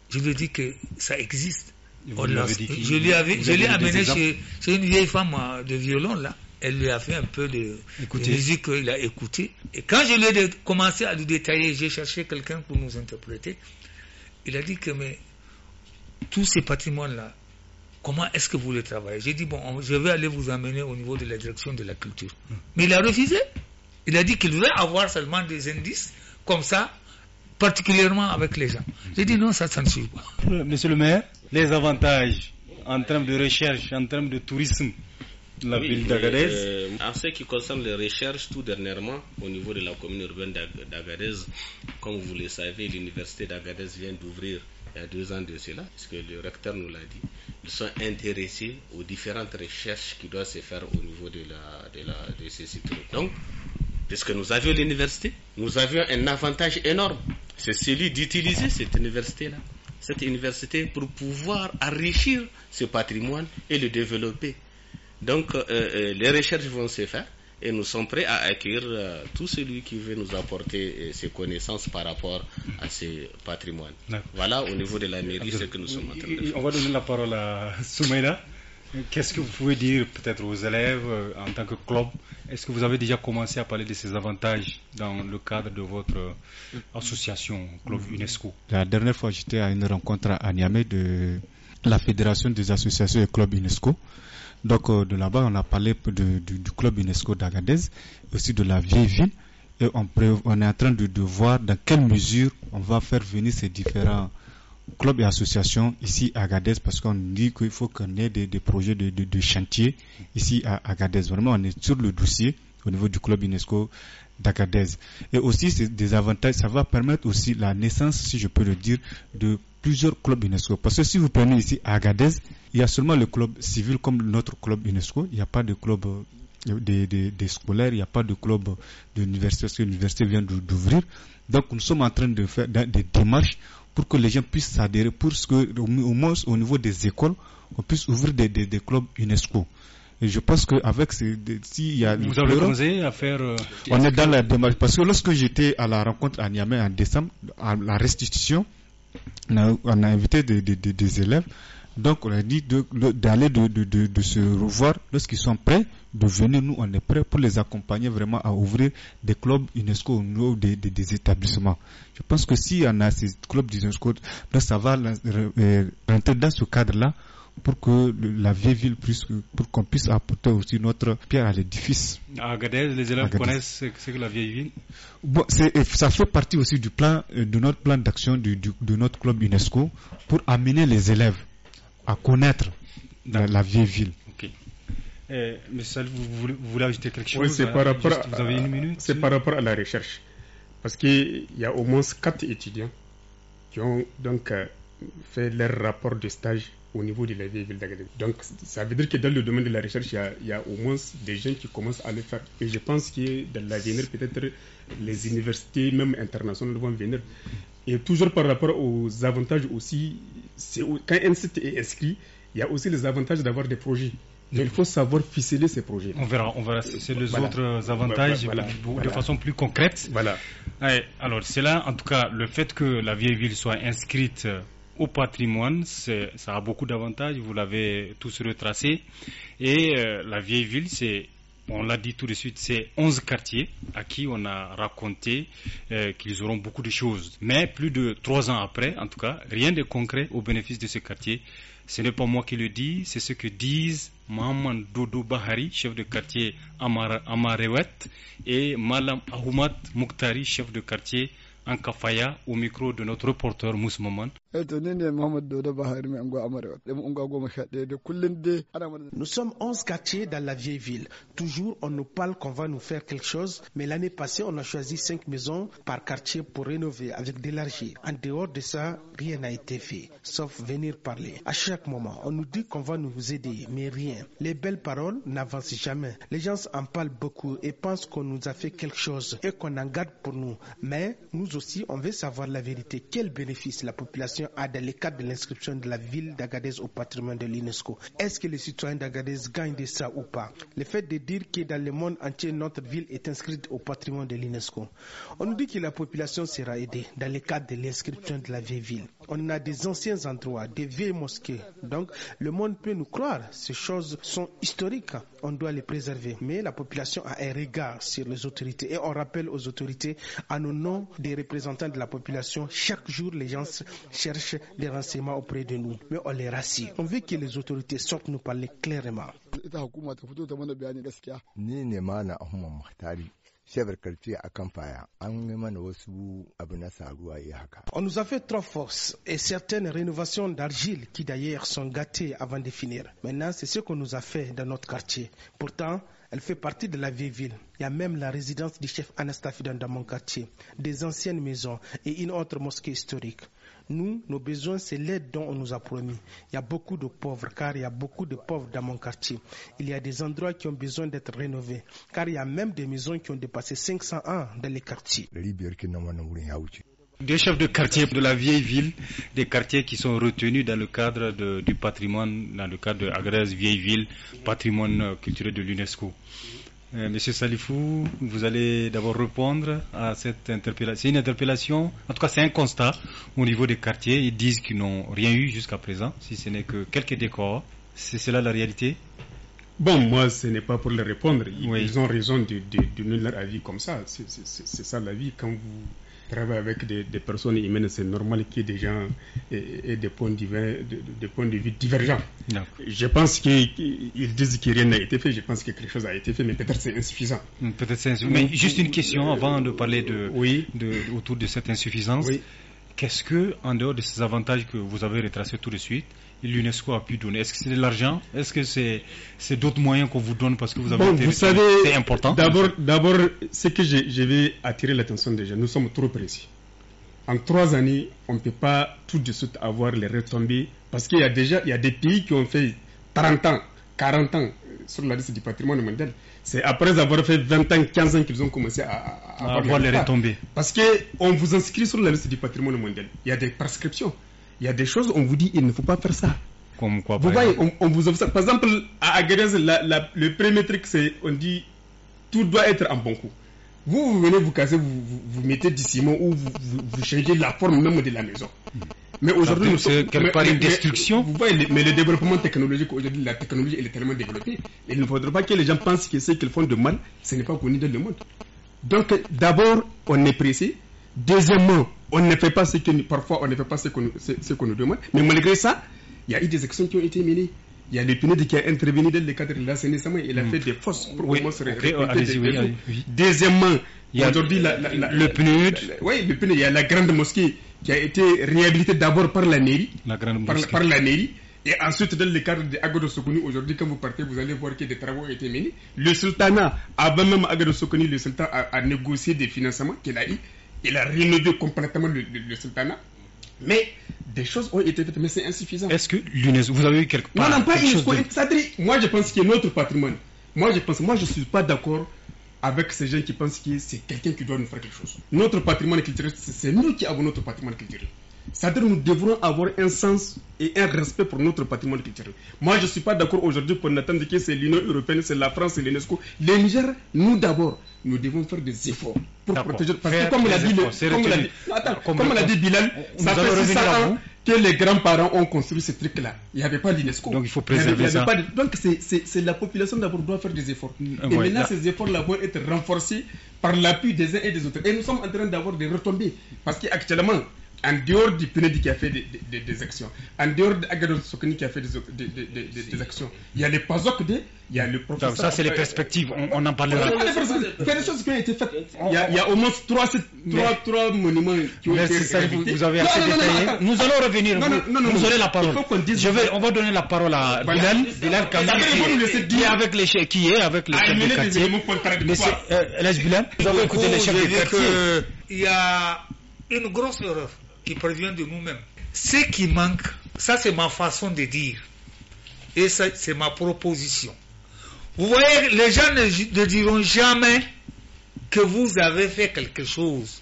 Je lui dis que ça existe je lui l'ai amené chez, une vieille femme de violon là. Elle lui a fait un peu de, musique qu'il a écouté. Et quand je lui ai commencé à lui détailler, j'ai cherché quelqu'un pour nous interpréter. Il a dit que mais tous ces patrimoines là, comment est-ce que vous les travaillez J'ai dit bon, je vais aller vous amener au niveau de la direction de la culture. Hum. Mais il a refusé. Il a dit qu'il voulait avoir seulement des indices comme ça particulièrement avec les gens. J'ai dit non, ça, ça ne suit pas. Euh, Monsieur le maire, les avantages en termes de recherche, en termes de tourisme, de la ville euh, d'Agadez euh, En ce qui concerne les recherches, tout dernièrement, au niveau de la commune urbaine d'Agadez, comme vous le savez, l'université d'Agadez vient d'ouvrir il y a deux ans de cela, puisque le recteur nous l'a dit. Ils sont intéressés aux différentes recherches qui doivent se faire au niveau de, la, de, de ces sites. Donc, est ce que nous avions l'université, nous avions un avantage énorme. C'est celui d'utiliser cette université-là, cette université pour pouvoir enrichir ce patrimoine et le développer. Donc, euh, euh, les recherches vont se faire et nous sommes prêts à accueillir euh, tout celui qui veut nous apporter ses connaissances par rapport à ce patrimoine. Voilà au niveau de la mairie ce que nous sommes en train de faire. On va donner la parole à Soumaïda. Qu'est-ce que vous pouvez dire peut-être aux élèves euh, en tant que club Est-ce que vous avez déjà commencé à parler de ces avantages dans le cadre de votre euh, association, Club UNESCO La dernière fois, j'étais à une rencontre à Niamey de la Fédération des associations et clubs UNESCO. Donc euh, de là-bas, on a parlé du, club UNESCO d'Agadez, aussi de la vieille ville. Et on, est en train de, de, voir dans quelle mesure on va faire venir ces différents Club et associations ici à Agadez parce qu'on dit qu'il faut qu'on ait des, projets de, de, chantier ici à Agadez. Vraiment, on est sur le dossier au niveau du club UNESCO d'Agadez. Et aussi, c'est des avantages. Ça va permettre aussi la naissance, si je peux le dire, de plusieurs clubs UNESCO. Parce que si vous prenez ici Agadez, il y a seulement le club civil comme notre club UNESCO. Il n'y a pas de club euh, des, des, scolaires, il n'y a pas de club d'université, parce que l'université vient d'ouvrir. Donc nous sommes en train de faire des démarches pour que les gens puissent s'adhérer, pour que au moins au niveau des écoles, on puisse ouvrir des, des, clubs UNESCO. Et je pense qu'avec s'il y a vous avez commencé à faire. Euh, on est dans la démarche parce que lorsque j'étais à la rencontre à Niamey en décembre, à la restitution, on a, invité des, des élèves donc on a dit d'aller de, de, de, se revoir lorsqu'ils sont prêts, de venir, nous on est prêts pour les accompagner vraiment à ouvrir des clubs UNESCO au niveau des, établissements. Je pense que y on a ces clubs d'UNESCO, ça va euh, rentrer dans ce cadre-là pour que la vieille ville puisse, pour qu'on puisse apporter aussi notre pierre à l'édifice. À Agadez, les élèves connaissent ce que la vieille ville bon, Ça fait partie aussi du plan, euh, de notre plan d'action de notre club UNESCO pour amener les élèves à connaître la, la, vieille ville. Okay. Eh, vous, voulez ajouter quelque chose oui, c'est par, rapport à la recherche. Parce qu'il y a au moins quatre étudiants qui ont donc euh, fait leur rapport de stage au niveau de la vieille ville d'Agadir. Donc, ça veut dire que dans le domaine de la recherche, il y, a, il y a, au moins des gens qui commencent à le faire. Et je pense que dans l'avenir, peut-être les universités, même internationales, vont venir. Et toujours par rapport aux avantages aussi, quand un site est inscrit, il y a aussi les avantages d'avoir des projets. il faut savoir ficeler ces projets. On verra, on verra c'est les autres avantages de façon plus concrète. Voilà. alors, c'est là, en tout cas, le fait que la vieille ville soit inscrite au patrimoine, ça a beaucoup d'avantages, vous l'avez tous retracé. Et euh, la vieille ville, c'est on l'a dit tout de suite, c'est onze quartiers à qui on a raconté euh, qu'ils auront beaucoup de choses. Mais plus de trois ans après, en tout cas, rien de concret au bénéfice de ce quartier. Ce n'est pas moi qui le dis, c'est ce que disent Mohamed Dodo Bahari, chef de quartier Amarewet, et Malam Ahoumat Mouktari, chef de quartier en au micro de notre reporter Mousse Maman. Eh, nous sommes 11 quartiers dans la vieille ville. Toujours, on nous parle qu'on va nous faire quelque chose, mais l'année passée, on a choisi 5 maisons par quartier pour rénover avec de l'argile. En dehors de ça, rien n'a été fait, sauf venir parler. À chaque moment, on nous dit qu'on va nous aider, mais rien. Les belles paroles n'avancent jamais. Les gens en parlent beaucoup et pensent qu'on nous a fait quelque chose et qu'on en garde pour nous. Mais nous aussi, on veut savoir la vérité. Quel bénéfice la population a dans le cadre de l'inscription de la ville d'Agadez au patrimoine de l'UNESCO Est-ce que les citoyens d'Agadez gagnent de ça ou pas Le fait de dire que dans le monde entier, notre ville est inscrite au patrimoine de l'UNESCO. On nous dit que la population sera aidée dans le cadre de l'inscription de la vieille ville. On a des anciens endroits, des vieilles mosquées. Donc, le monde peut nous croire. Ces choses sont historiques. On doit les préserver. Mais la population a un regard sur les autorités et on rappelle aux autorités à nos noms des représentants de la population, chaque jour, les gens cherchent des renseignements auprès de nous. Mais on les rassure. On veut que les autorités sortent nous parler clairement. On nous a fait trois forces et certaines rénovations d'argile qui d'ailleurs sont gâtées avant de finir. Maintenant, c'est ce qu'on nous a fait dans notre quartier. Pourtant, elle fait partie de la vieille ville. Il y a même la résidence du chef Anastafidan dans mon quartier, des anciennes maisons et une autre mosquée historique. Nous, nos besoins, c'est l'aide dont on nous a promis. Il y a beaucoup de pauvres, car il y a beaucoup de pauvres dans mon quartier. Il y a des endroits qui ont besoin d'être rénovés, car il y a même des maisons qui ont dépassé 500 ans dans les quartiers des chefs de quartier de la vieille ville, des quartiers qui sont retenus dans le cadre du patrimoine, dans le cadre de Agres vieille ville, patrimoine euh, culturel de l'UNESCO. Euh, Monsieur Salifou, vous allez d'abord répondre à cette interpellation. C'est une interpellation, en tout cas c'est un constat au niveau des quartiers. Ils disent qu'ils n'ont rien eu jusqu'à présent, si ce n'est que quelques décors. C'est cela la réalité Bon, moi, ce n'est pas pour leur répondre. Ils, ont raison de, donner leur avis comme ça. C'est ça la vie. quand vous travaille avec des, personnes humaines, c'est normal qu'il y ait des gens et, des, points de, des, points de vue divergents. Je pense qu'ils disent que rien n'a été fait, je pense que quelque chose a été fait, mais peut-être c'est insuffisant. Hmm, peut-être c'est insuffisant. Mais juste une question avant de parler de, oui. autour de cette insuffisance. Qu'est-ce que, en dehors de ces avantages que vous avez retracés tout de suite, l'UNESCO a pu donner Est-ce que c'est de l'argent Est-ce que c'est d'autres moyens qu'on vous donne parce que vous avez bon, été... vous savez, c'est important D'abord, ce que je, vais attirer l'attention déjà, nous sommes trop précis. En trois années, on ne peut pas tout de suite avoir les retombées parce qu'il y a déjà il y des pays qui ont fait 30 ans, 40 ans sur la liste du patrimoine mondial. C'est après avoir fait 20 ans, 15 ans qu'ils ont commencé à avoir les retombées. Parce qu'on vous inscrit sur la liste du patrimoine mondial. Il y a des prescriptions il y a des choses, on vous dit, il ne faut pas faire ça. Comme quoi, vous voyez, on, vous observe. Par exemple, à Agadez, le premier truc, c'est on dit tout doit être en bon coup. Vous, vous venez vous casser, vous, mettez du ciment ou vous, changez la forme même de la maison. Hmm. Mais aujourd'hui, nous sommes. quelque une destruction. Vous voyez, mais, le développement technologique, aujourd'hui, la technologie, elle est tellement développée. Il ne faudrait pas que les gens pensent que ce qu'ils font de mal, ce n'est pas connu dans le monde. Donc, d'abord, on est pressé. Deuxièmement, on ne fait pas ce que parfois on ne fait pas ce qu'on nous demande. Mais malgré ça, il y a eu des actions qui ont été menées. Il y a le PNUD qui a intervenu dans le cadre de l'assainissement. Il a mm. fait des fausses pour commencer Deuxièmement, aujourd'hui, le PNUD. Oui, le PNUD, il y a la grande mosquée qui a été réhabilitée d'abord par la mairie. par, la mairie. Et ensuite, dans le cadre de aujourd'hui, quand vous partez, vous allez voir que des travaux ont été menés. Le sultanat, avant même Sokouni, le sultan a, a négocié des financements qu'il a eu il a rénové complètement le, sultanat. Mais des choses ont été faites, mais c'est insuffisant. Est-ce que l'UNESCO, vous avez eu quelque Non, non, pas l'UNESCO. C'est-à-dire, Moi, je pense qu'il notre patrimoine. Moi, je pense, moi, je suis pas d'accord avec ces gens qui pensent que c'est quelqu'un qui doit nous faire quelque chose. Notre patrimoine culturel, c'est nous qui avons notre patrimoine culturel. C'est-à-dire nous devrons avoir un sens et un respect pour notre patrimoine culturel. Moi, je ne suis pas d'accord aujourd'hui pour n'attendre que c'est l'Union européenne, c'est la France, c'est l'UNESCO. Les Niger, nous d'abord nous devons faire des efforts pour protéger. Parce que comme l'a dit, dit, Bilal, ça fait 600 ans que les grands-parents ont construit ce truc-là. Il n'y avait pas l'UNESCO. Donc il faut préserver ça. Donc c'est la population d'abord doit faire des efforts. et maintenant ces efforts-là vont être renforcés par l'appui des uns et des autres. Et nous sommes en train d'avoir des retombées. Parce qu'actuellement, en dehors du PNED qui a fait des, des, des actions, en dehors de Agadon Sokoni qui a fait des, des, actions, il y a les des, il y a le professeur. ça, c'est les perspectives, on, on en parlera. Il y a des choses qui ont été faites. Il y a, il y a au moins trois, trois, trois monuments qui ont été vous, vous, avez assez non, non, détaillé. Non, nous allons revenir. vous, vous aurez la parole. Il faut dise Je vais, on va donner la parole à voilà. Bilal. Bilal Kamil, qui, est avec les chefs, qui est avec ah, euh, les chefs de Laisse Bilal. Vous avez écouté les chefs de Il y a une grosse erreur qui provient de nous-mêmes. Ce qui manque, ça c'est ma façon de dire. Et ça c'est ma proposition. Vous voyez, les gens ne, diront jamais que vous avez fait quelque chose.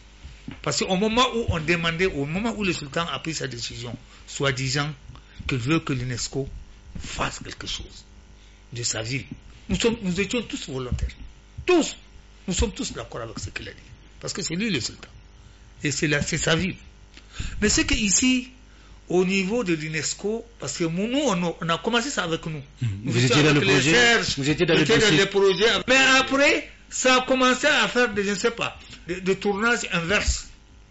Parce qu'au moment où on demandait, au moment où le sultan a pris sa décision, soi-disant qu'il veut que l'UNESCO fasse quelque chose de sa ville, nous, sommes, nous étions tous volontaires. Tous. Nous sommes tous d'accord avec ce qu'il a dit. Parce que c'est lui le sultan. Et c'est sa ville. Mais c'est qu'ici, au niveau de l'UNESCO, parce que nous, on a, commencé ça avec nous. Hmm. Vous, étiez, dans le projet, vous étiez dans le projet. mais après, ça a commencé à faire, des, je ne sais pas, des, tournages inverses.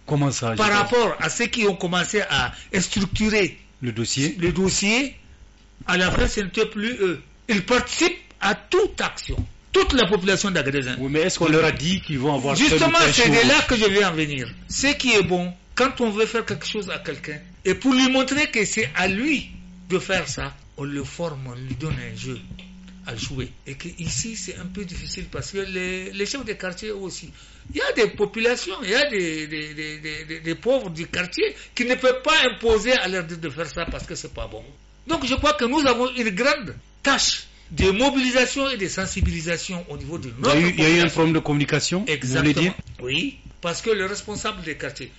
Comment ça Par rapport à ceux qui ont commencé à structurer le dossier, le dossier à la fin, ce n'était plus eux. Ils participent à toute action. Toute la population d'Agrézin. Oui, mais est-ce qu'on leur a dit qu'ils vont avoir Justement, c'est de là que je vais en venir. Ce qui est bon, quand on veut faire quelque chose à quelqu'un, et pour lui montrer que c'est à lui de faire ça, on le forme, on lui donne un jeu à jouer. Et que ici, c'est un peu difficile parce que les, chefs des quartiers aussi, il y a des populations, il y a des, pauvres du quartier qui ne peuvent pas imposer à leur de faire ça parce que ce n'est pas bon. Donc je crois que nous avons une grande tâche de mobilisation et de sensibilisation au niveau de notre. Il y a eu, un de communication, vous voulez dire oui, parce que le responsable des quartiers,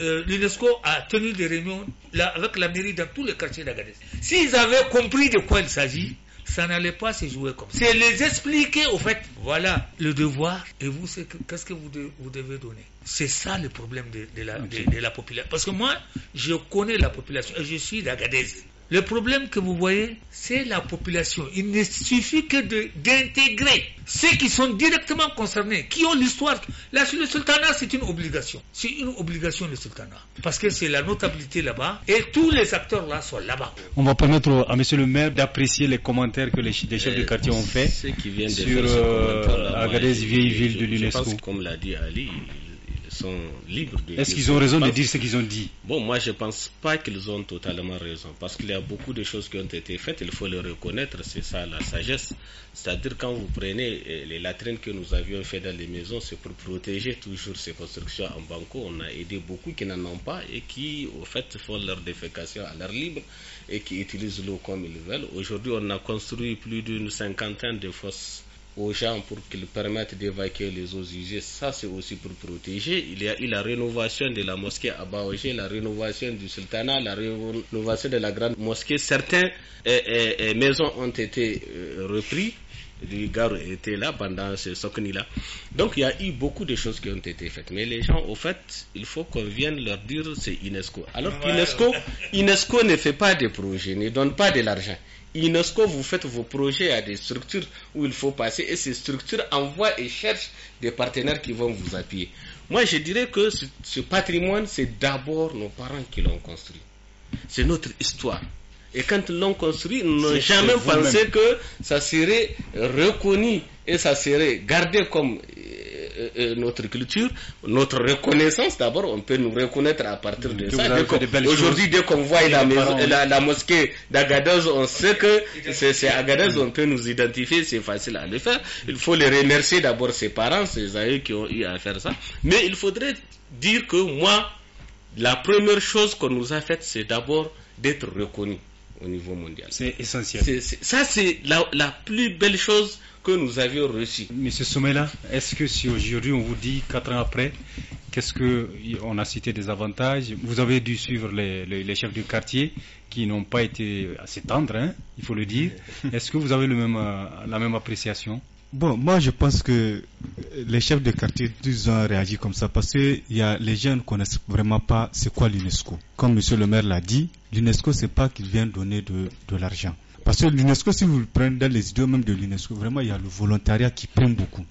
euh, l'UNESCO a tenu des réunions là, avec la mairie dans tous les quartiers d'Agadez. S'ils avaient compris de quoi il s'agit, ça n'allait pas se jouer comme ça. C'est les expliquer au fait, voilà le devoir et vous, qu'est-ce que vous, devez donner. C'est ça le problème de, la, de, la population. Parce que moi, je connais la population et je suis d'Agadez. Le problème que vous voyez, c'est la population. Il ne suffit que d'intégrer ceux qui sont directement concernés, qui ont l'histoire. Là, sur le sultanat, c'est une obligation. C'est une obligation, le sultanat. Parce que c'est la notabilité là-bas et tous les acteurs là sont là-bas. On va permettre à monsieur le maire d'apprécier les commentaires que les, chefs de euh, quartier ont fait sur euh, Agadez, vieille ville de l'UNESCO. Comme l'a dit Ali, sont libres de Est-ce qu'ils ont raison de dire ce qu'ils ont dit Bon, moi je ne pense pas qu'ils ont totalement raison, parce qu'il y a beaucoup de choses qui ont été faites, il faut le reconnaître, c'est ça la sagesse. C'est-à-dire quand vous prenez euh, les latrines que nous avions fait dans les maisons, c'est pour protéger toujours ces constructions en banco. On a aidé beaucoup qui n'en ont pas et qui au fait font leur défécation à l'air libre et qui utilisent l'eau comme ils veulent. Aujourd'hui, on a construit plus d'une cinquantaine de fosses aux gens pour qu'ils permettent d'évacuer les eaux usées. Ça, c'est aussi pour protéger. Il y a eu la rénovation de la mosquée à baogé la rénovation du sultanat, la rénovation de la grande mosquée. Certaines eh, eh, eh, maisons ont été repris euh, reprises. Du gars était là pendant ce socni-là. Donc il y a eu beaucoup de choses qui ont été faites. Mais les gens, au fait, il faut qu'on vienne leur dire c'est UNESCO. Alors qu'UNESCO UNESCO ne fait pas de projets, ne donne pas de l'argent. Inesco, vous faites vos projets à des structures où il faut passer et ces structures envoient et cherchent des partenaires qui vont vous appuyer. Moi, je dirais que ce, ce patrimoine, c'est d'abord nos parents qui l'ont construit. C'est notre histoire. Et quand ils l'ont construit, ils n'ont jamais pensé que ça serait reconnu et ça serait gardé comme euh, euh, notre culture, notre reconnaissance. D'abord, on peut nous reconnaître à partir de ça. Aujourd'hui, dès qu'on voit la, mosquée d'Agadez, on sait que c'est Agadez, on peut nous identifier, c'est facile à le faire. Il faut les remercier d'abord ses parents, ses aïeux qui ont eu à faire ça. Mais il faudrait dire que moi, la première chose qu'on nous a faite, c'est d'abord d'être reconnu au niveau mondial. C'est essentiel. ça, c'est la, plus belle chose que nous avions reçue. Monsieur Soumela, est-ce que si aujourd'hui on vous dit, quatre ans après, qu'est-ce que on a cité des avantages Vous avez dû suivre les, chefs du quartier qui n'ont pas été assez tendres, hein, il faut le dire. Est-ce que vous avez le même, euh, la même appréciation Bon, moi je pense que euh, les chefs de quartier, ils ont réagi comme ça parce que y a, les gens ne connaissent vraiment pas c'est quoi l'UNESCO. Comme monsieur le maire l'a dit, l'UNESCO c'est pas qu'il vient donner de, l'argent. Parce que l'UNESCO, si vous le prenez dans les idées même de l'UNESCO, vraiment il y a le volontariat qui prend beaucoup.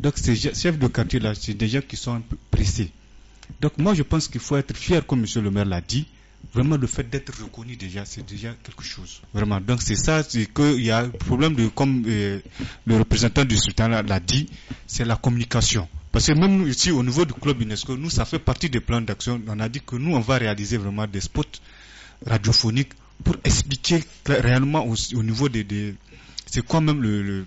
Donc ces chefs de quartier là, c'est des gens qui sont un peu pressés. Donc moi je pense qu'il faut être fier, comme monsieur le maire l'a dit, Vraiment, le fait d'être reconnu déjà, c'est déjà quelque chose. Vraiment. Donc, c'est ça, c'est qu'il y a le problème de, comme euh, le représentant du sultan l'a dit, c'est la communication. Parce que même ici, au niveau du club UNESCO, nous, ça fait partie des plans d'action. On a dit que nous, on va réaliser vraiment des spots radiophoniques pour expliquer réellement au, niveau des, c'est quoi même le,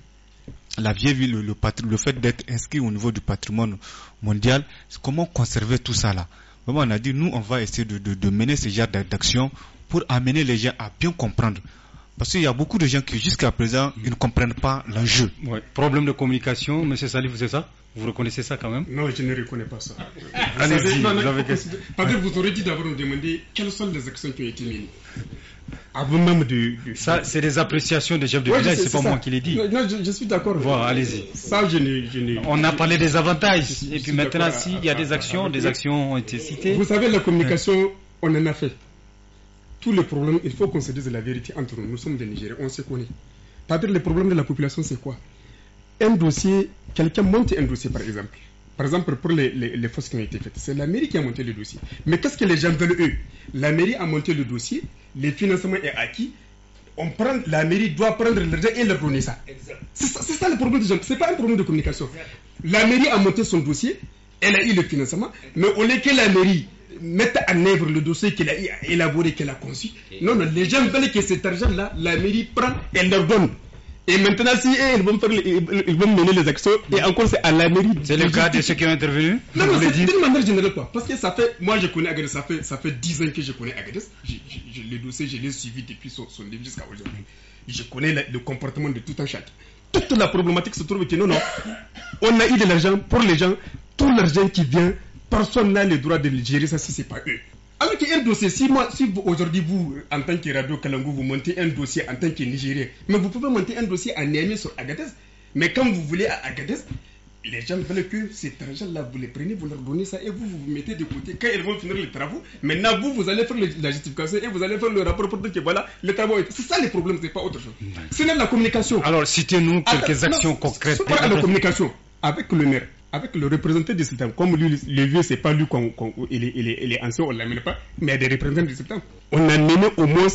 la vieille ville, le, le fait d'être inscrit au niveau du patrimoine mondial, comment conserver tout ça là on a dit, nous, on va essayer de, mener ce genre d'action pour amener les gens à bien comprendre. Parce qu'il y a beaucoup de gens qui, jusqu'à présent, ne comprennent pas l'enjeu. Problème de communication, M. Salif, c'est ça Vous reconnaissez ça quand même Non, je ne reconnais pas ça. vous, avez... aurez dit d'abord nous demander quelles sont les actions qui ont été menées avant ah, même de. Ça, c'est des appréciations des chefs de c'est pas moi qui les dis. je, suis d'accord. On a parlé des avantages. et puis maintenant, s'il y a des actions, des actions ont été citées. Vous savez, la hein. communication, on en a fait. Tous les problèmes, il faut qu'on se dise la vérité entre nous. Nous sommes des Nigériens, on se connaît. C'est-à-dire, les problèmes de la population, c'est quoi Un dossier, quelqu'un monte un dossier, par exemple. Par exemple, pour les, les, fausses qui ont été faites, c'est la mairie qui a monté le dossier. Mais qu'est-ce que les gens veulent, eux La mairie a monté le dossier, le financement est acquis, on prend, la mairie doit prendre l'argent et leur donner ça. C'est ça, le problème des gens. Ce n'est pas un problème de communication. La mairie a monté son dossier, elle a eu le financement, mais au lieu que la mairie mette en œuvre le dossier qu'elle a élaboré, qu'elle a conçu, non, non, les gens veulent que cet argent-là, la mairie prend et leur donne. Et maintenant, si eh, ils, vont faire vont mener les actions, et encore c'est à la mairie. C'est le cas de ceux qui ont intervenu Non, non, c'est d'une manière générale quoi. Parce que ça fait, moi je connais Agadez, ça fait, ça fait 10 ans que je connais Agadez. Je, dossier, je l'ai suivi depuis son, livre jusqu'à aujourd'hui. Je connais le comportement de tout un chat Toute la problématique se trouve que non, non. On a eu de l'argent pour les gens. Tout l'argent qui vient, personne n'a le droit de le gérer ça si c'est pas eux. Alors qu'un dossier, si moi, si aujourd'hui vous, en tant que Radio Kalango, vous montez un dossier en tant que Nigérien, mais vous pouvez monter un dossier à Niamey sur Agadez, mais quand vous voulez à Agadez, les gens veulent que ces argent-là, vous les prenez, vous leur donnez ça et vous, vous mettez de côté. Quand ils vont finir les travaux, maintenant vous, vous allez faire la justification et vous allez faire le rapport pour dire que voilà, les travaux. C'est ça les problèmes, c'est pas autre chose. C'est la communication. Alors, citez-nous quelques actions non, concrètes. pas la communication avec le maire avec le représentant du septembre. Comme lui, le vieux, c'est pas lui qu'on, il, il, il, est ancien, on l'amène pas, mais il y a des représentants du septembre. On a mené au moins,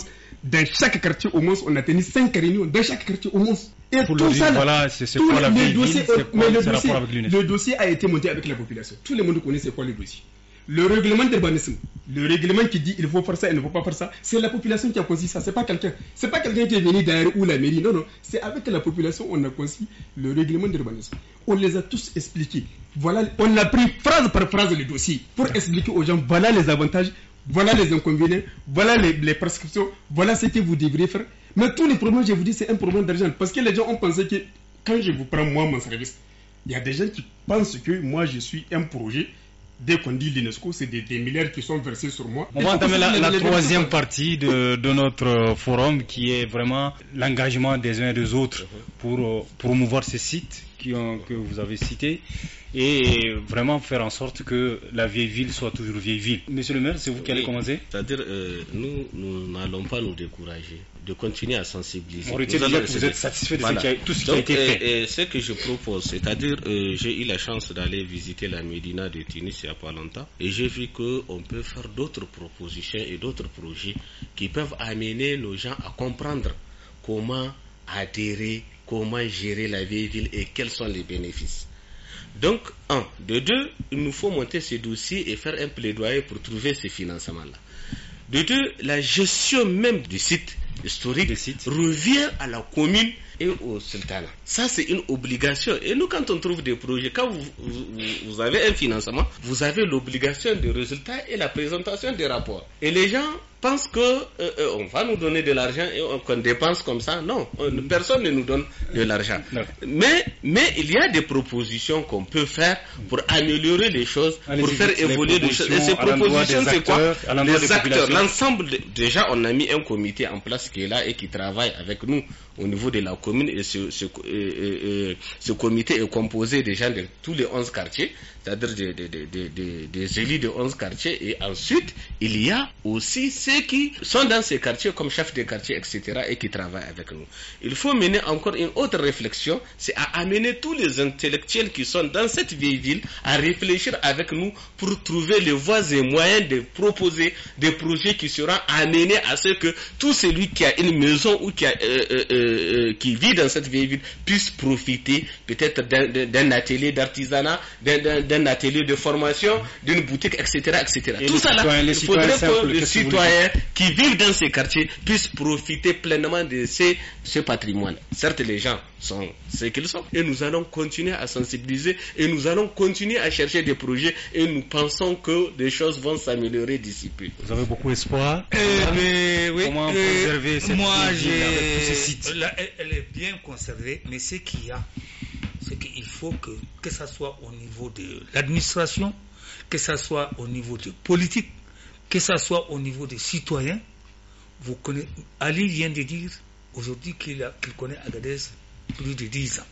dans chaque quartier au moins, on a tenu cinq réunions, dans chaque quartier au moins. Et tout ça, voilà, c'est quoi la population? le, dossier, a été monté avec la population. Tout le monde connaît c'est quoi le dossier. Le règlement d'urbanisme, le règlement qui dit il faut faire ça, qu'il ne faut pas faire ça, c'est la population qui a conçu ça, c'est pas quelqu'un. C'est pas quelqu'un qui est venu derrière ou la mairie, non, non. C'est avec la population on a conçu le règlement d'urbanisme on les a tous expliqués. Voilà, on a pris phrase par phrase le dossier pour expliquer aux gens, voilà les avantages, voilà les inconvénients, voilà les, prescriptions, voilà ce que vous devriez faire. Mais tous les problèmes, je vous dis, c'est un problème d'argent. Parce que les gens ont pensé que quand je vous prends moi mon service, il y a des gens qui pensent que moi je suis un projet Dès qu'on dit l'UNESCO, c'est des, milliards qui sont versés sur moi. On va entamer la, troisième partie de, notre forum qui est vraiment l'engagement des uns et des autres pour euh, promouvoir ces sites que vous avez cités et vraiment faire en sorte que la vieille ville soit toujours vieille ville. Monsieur le maire, c'est vous qui allez commencer C'est-à-dire, euh, nous, nous n'allons pas nous décourager de continuer à sensibiliser. Vous, êtes satisfait de ce tout ce qui a été fait. ce que je propose, c'est-à-dire, euh, j'ai eu la chance d'aller visiter la Médina de Tunis il n'y a pas longtemps, et j'ai vu qu'on peut faire d'autres propositions et d'autres projets qui peuvent amener nos gens à comprendre comment adhérer, comment gérer la vieille ville et quels sont les bénéfices. Donc, un, de deux, il nous faut monter ce dossier et faire un plaidoyer pour trouver ces financements-là. De deux, la gestion même du site historique revient à la commune et au sultanat. Ça, c'est une obligation. Et nous, quand on trouve des projets, quand vous, vous, avez un financement, vous avez l'obligation de résultats et la présentation des rapports. Et les gens pensent que euh, euh, on va nous donner de l'argent et qu'on dépense comme ça. Non, personne ne nous donne de l'argent. Mais, mais il y a des propositions qu'on peut faire pour améliorer les choses, pour faire évoluer les choses. Et ces propositions, c'est quoi Les acteurs, l'ensemble. Déjà, on a mis un comité en place qui est là et qui travaille avec nous au niveau de la ce, comité est composé des gens de tous les 11 quartiers, c'est-à-dire des, élus de 11 quartiers. Et ensuite, il y a aussi ceux qui sont dans ces quartiers comme chefs de quartier, etc., et qui travaillent avec nous. Il faut mener encore une autre réflexion, c'est à amener tous les intellectuels qui sont dans cette vieille ville à réfléchir avec nous pour trouver les voies et moyens de proposer des projets qui seront amenés à ce que tout celui qui a une maison ou qui a... Euh, euh, euh, qui vit dans cette vieille ville puisse profiter peut-être d'un atelier d'artisanat, d'un atelier de formation, d'une boutique, etc. etc. Tout ça, là, il faudrait que les citoyens qui vivent dans ces quartiers puissent profiter pleinement de ce patrimoine. Certes, les gens sont ce qu'ils sont. Et nous allons continuer à sensibiliser et nous allons continuer à chercher des projets et nous pensons que des choses vont s'améliorer d'ici peu. Vous avez beaucoup espoir euh, oui, Comment euh, conserver moi, j'ai... elle, est bien conservée, mais ce qu'il y a, c'est qu'il faut que, que ça soit au niveau de l'administration, que ça soit au niveau de politique, que ça soit au niveau des citoyens. Vous connaissez, Ali vient de dire aujourd'hui qu'il, qu'il connaît Agadez plus de 10 ans.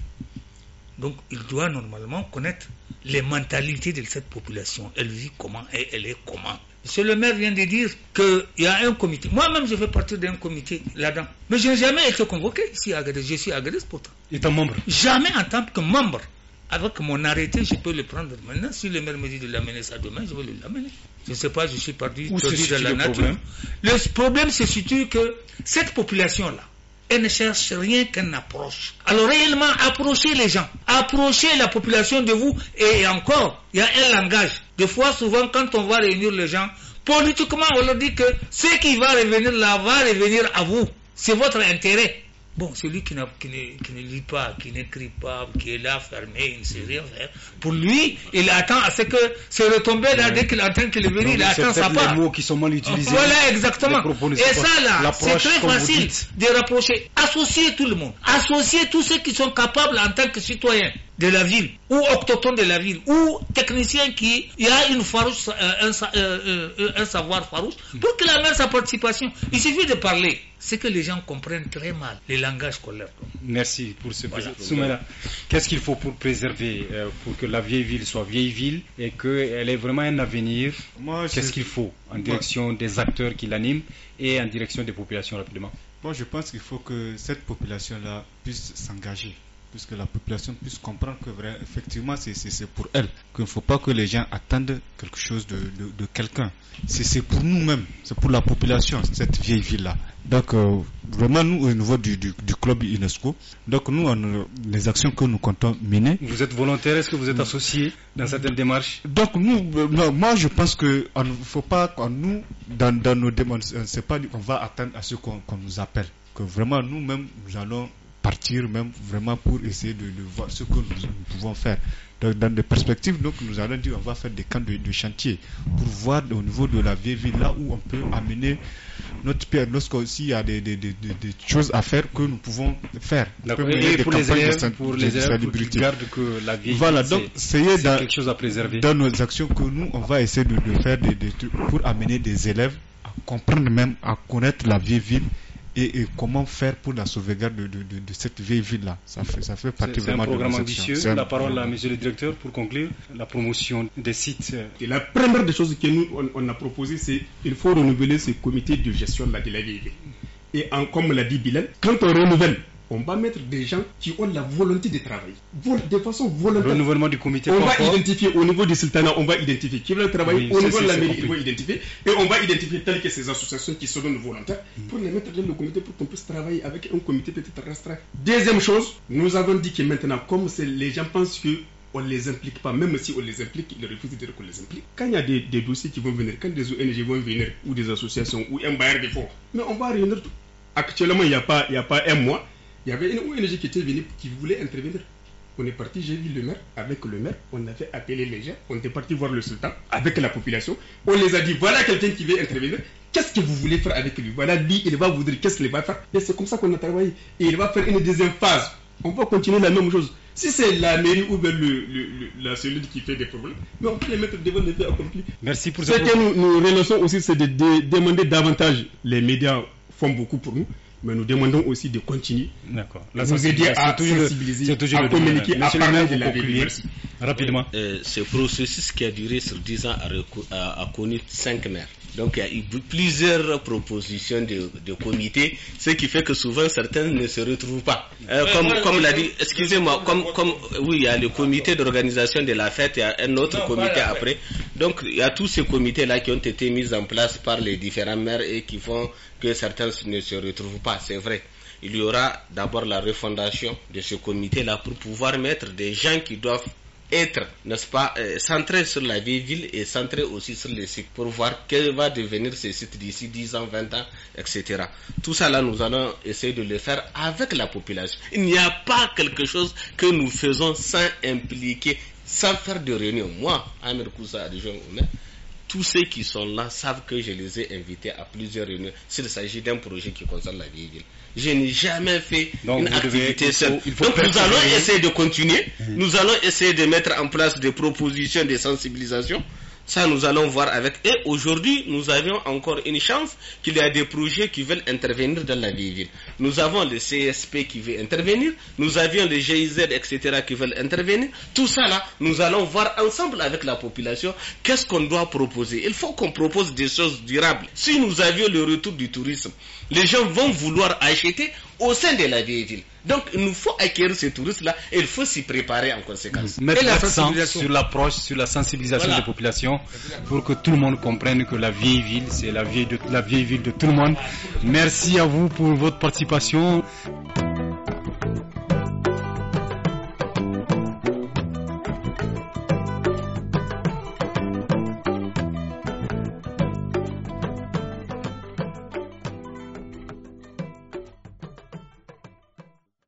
Donc il doit normalement connaître les mentalités de cette population. Elle vit comment et elle est comment. Monsieur le maire vient de dire qu'il y a un comité. Moi-même, je fais partie d'un comité là-dedans. Mais je n'ai jamais été convoqué ici à Agadez. Je suis à Agadez pourtant. un membre Jamais en tant que membre. Avec mon arrêté, je peux le prendre maintenant. Si le maire me dit de l'amener ça demain, je vais l'amener. Je ne sais pas, je suis parti Où la nature. le problème se situe que cette population-là, elle ne cherche rien qu'un approche. Alors réellement, approchez les gens, approchez la population de vous et encore, il y a un langage. Des fois, souvent, quand on va réunir les gens, politiquement, on leur dit que ce qui va revenir là va revenir à vous. C'est votre intérêt. Bon, celui qui, qui, ne, qui, ne, lit pas, qui n'écrit pas, qui est là fermé, il ne sait rien faire, pour lui, il attend à ce que se retomber là dès qu'il attend qu'il est venu, il attend sa part. les mots qui sont mal utilisés. Voilà, exactement. Et ça là, c'est très facile de rapprocher. Associer tout le monde. Associer tous ceux qui sont capables en tant que citoyens de la ville ou autochtones de la ville ou techniciens qui il y a une farouche, euh, un, euh, euh, un, savoir farouche pour qu'il amène sa participation. Il suffit de parler c'est que les gens comprennent très mal les langages qu'on leur donne. Merci pour ce voilà. Soumena, qu'est-ce qu'il faut pour préserver, euh, pour que la vieille ville soit vieille ville et qu'elle ait vraiment un avenir Qu'est-ce qu'il faut en direction des acteurs qui l'animent et en direction des populations rapidement Moi, je pense qu'il faut que cette population-là puisse s'engager puisque la population puisse comprendre que vrai, effectivement c'est pour elle, qu'il ne faut pas que les gens attendent quelque chose de, de, quelqu'un. C'est pour nous-mêmes, c'est pour la population, cette vieille ville-là. Donc euh, vraiment nous au niveau du, du, du club UNESCO, donc nous euh, les actions que nous comptons mener. Vous êtes volontaire, est-ce que vous êtes associé dans certaines démarches Donc nous, euh, moi je pense que ne faut pas qu'on nous dans, dans nos demandes, on ne sait pas, on va attendre à ce qu'on nous appelle. Que vraiment nous-mêmes nous allons partir même vraiment pour essayer de, voir ce que nous, pouvons faire. dans des perspectives, donc, nous allons dire on va faire des camps de, chantier pour voir au niveau de la vieille ville là où on peut amener notre pierre lorsqu'il y a des, des, des, choses à faire que nous pouvons faire. pour les élèves, pour les élèves, pour que la vieille Voilà, donc c'est quelque chose à préserver. Dans nos actions que nous, on va essayer de, faire des trucs pour amener des élèves à comprendre même, à connaître la vieille ville et, comment faire pour la sauvegarde de, cette vieille ville-là. Ça fait, ça fait partie vraiment un programme ambitieux. La parole à Monsieur le Directeur pour conclure la promotion des sites. Et la première des choses que nous on, a proposé, c'est il faut renouveler ce comité de gestion de la, de la vieille ville. Et en, comme l'a dit Bilal, quand on renouvelle on va mettre des gens qui ont la volonté de travailler. De façon volontaire. Renouvellement du comité. On va identifier au niveau du sultanat, on va identifier qui veulent travailler. au niveau de la mairie, on va identifier. Et on va identifier telles que ces associations qui se donnent volontaires pour les mettre dans le comité pour qu'on puisse travailler avec un comité peut-être restreint. Deuxième chose, nous avons dit que maintenant, comme les gens pensent que on ne les implique pas, même si on les implique, ils refusent de dire qu'on les implique. Quand il y a des, dossiers qui vont venir, quand des ONG vont venir, ou des associations, ou un bailleur de fonds, mais on va réunir tout. Actuellement, il n'y a, a pas un mois, il y avait une ONG qui était venue, qui voulait intervenir. On est parti, j'ai vu le maire. Avec le maire, on avait appelé les gens. On était parti voir le sultan avec la population. On les a dit voilà quelqu'un qui veut intervenir. Qu'est-ce que vous voulez faire avec lui Voilà, lui, il va vous dire qu'est-ce qu'il va faire. Et c'est comme ça qu'on a travaillé. Et il va faire une deuxième phase. On va continuer la même chose. Si c'est la mairie ou la cellule qui fait des problèmes, mais on peut les mettre devant les faits Merci pour ça. ce que nous, nous aussi, c'est de demander davantage. Les médias font beaucoup pour nous mais nous demandons aussi de continuer. D'accord. Vous à sensibiliser, communiquer, à parler de la Rapidement. Euh, euh, ce processus qui a duré sur 10 ans a, connu 5 maires. Donc il y a eu plusieurs propositions de, comités, ce qui fait que souvent certains ne se retrouvent pas. Euh, comme l'a dit, excusez-moi, comme, oui, il y a le comité d'organisation de la fête, il y a un autre comité après. Donc il y a tous ces comités-là qui ont été mis en place par les différents maires et qui font certains ne se retrouvent pas, c'est vrai. Il y aura d'abord la refondation de ce comité-là pour pouvoir mettre des gens qui doivent être, n'est-ce pas, euh, centrés sur la vieille ville et centré aussi sur les sites pour voir quel va devenir ces sites d'ici 10 ans, 20 ans, etc. Tout ça là, nous allons essayer de le faire avec la population. Il n'y a pas quelque chose que nous faisons sans impliquer, sans faire de réunion. Moi, Amir Koussa, adjoint tous ceux qui sont là savent que je les ai invités à plusieurs réunions s'il s'agit d'un projet qui concerne la vie ville. Je n'ai jamais fait une activité seule. Donc nous allons essayer de continuer. Mmh. Nous allons essayer de mettre en place des propositions de sensibilisation. Ça, nous allons voir avec. Et aujourd'hui, nous avions encore une chance qu'il y a des projets qui veulent intervenir dans la ville. Nous avons le CSP qui veut intervenir, nous avions les GIZ, etc., qui veulent intervenir. Tout ça, là, nous allons voir ensemble avec la population qu'est-ce qu'on doit proposer. Il faut qu'on propose des choses durables. Si nous avions le retour du tourisme, les gens vont vouloir acheter au sein de la vieille ville. Donc, il nous faut acquérir ces touristes là et il faut s'y préparer en conséquence. Mettre l'accent sur l'approche, sur la sensibilisation des populations pour que tout le monde comprenne que la vieille ville, c'est la la vieille ville de tout le monde. Merci à vous pour votre participation.